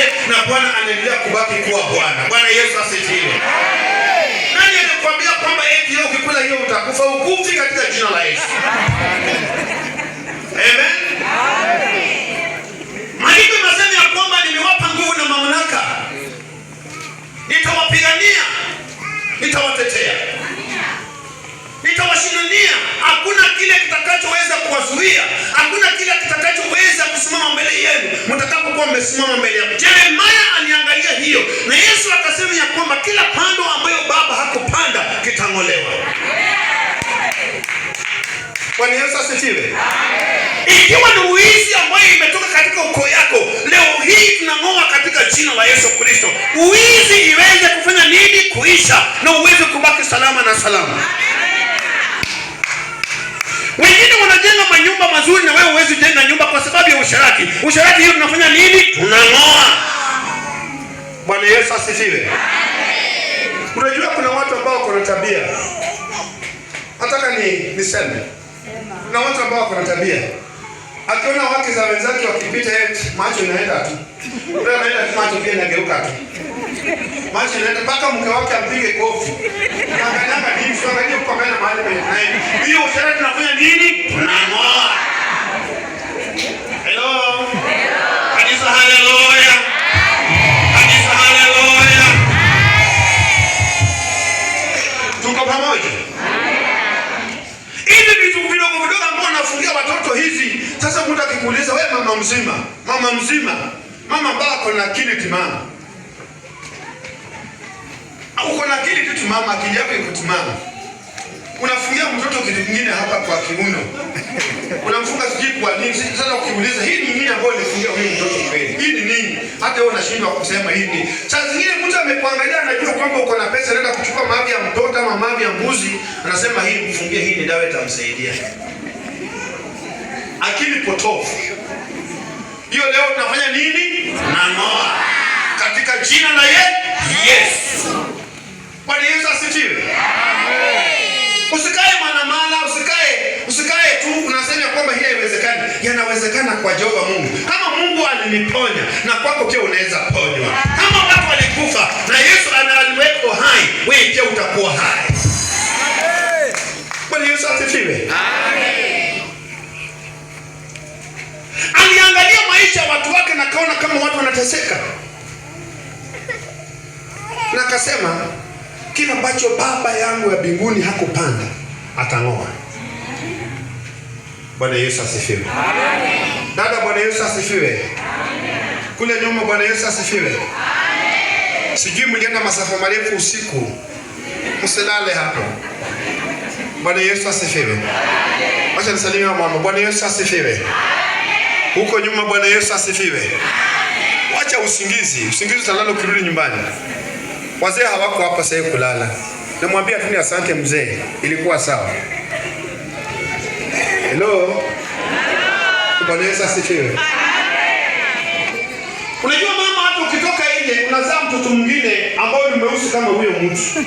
yake na Bwana anaendelea kubaki kuwa Bwana. Bwana Yesu asifiwe. Nani anakuambia kwamba eti leo ukikula hiyo utakufa? Ukufi katika jina la Yesu. Amen. Maandiko yanasema ya kwamba nimewapa nguvu na mamlaka, nitawapigania, nitawatetea, nitawashindania, hakuna kile kitakachoweza kuwazuia, hakuna kile kitakacho walikuwa wamesimama mbele yako. Yeremia aliangalia hiyo, na Yesu akasema ya kwamba kila pando ambayo baba hakupanda kitang'olewa. Bwana Yesu asifiwe. Ikiwa ni uizi ambayo imetoka katika ukoo yako, leo hii tunang'oa katika jina la Yesu Kristo. Uizi iweze kufanya nini? Kuisha na uweze kubaki salama na salama. Amen tunajenga manyumba mazuri na wewe huwezi jenga nyumba kwa sababu ya usharati. Usharati hiyo tunafanya nini? Tunang'oa. Bwana Yesu asifiwe. Unajua kuna watu ambao wako na tabia, nataka ni niseme, kuna watu ambao wako na tabia, akiona wake za wenzake wakipita, yeye eh, macho inaenda tu, anaenda macho pia inageuka tu, macho inaenda mpaka mke wake ampige kofi Tuko pamoja? Hivi vitu vidogo vidogo ambao anafungia watoto hizi, sasa mtu akikuuliza wewe, mama mzima, mama mzima, mama bako na akili timamu, uko na akili tu timamu, akili yako iko timamu, unafungia mtoto kitu kingine hapa kwa kiuno leo unashindwa kusema hivi. Saa zingine mtu amekuangalia, anajua kwamba uko na pesa, anaenda kuchukua mavi ya mtoto ama mavi ya mbuzi, anasema hii mfungie, hii ni dawa itamsaidia. Akili potofu hiyo. Leo tunafanya nini? Nanoa katika jina la ye Yesu. Bwana Yesu asifiwe. Usikae manamala, usikae usikae tu unasema kwamba hii haiwezekani. Yanawezekana kwa Jehova Mungu. Ha? Mungu aliniponya na kwako pia unaweza ponywa. Kama watu walikufa na Yesu analiweka hai, wewe pia utakuwa hai. Amen. Yesu asifiwe. Aliangalia maisha ya watu wake na kaona kama watu wanateseka, na akasema kila ambacho baba yangu ya mbinguni hakupanda atang'oa. Bwana Yesu asifiwe. Amen. Dada, Bwana Yesu asifiwe. Kule nyuma, Bwana Yesu asifiwe. Sijui mlienda masafa marefu usiku, msilale hapo. Bwana Yesu asifiwe. Acha nisalimie mama. Bwana Yesu asifiwe. Huko nyuma, Bwana Yesu asifiwe. Wacha usingizi, usingizi utalala ukirudi nyumbani. Wazee hawako hapa sasa kulala. Namwambia tu ni asante mzee, ilikuwa sawa. Hello. Bwana Yesu asifiwe. Unajua mama, hata ukitoka nje unazaa mtoto mwingine ambao ni mweusi kama huyo mtu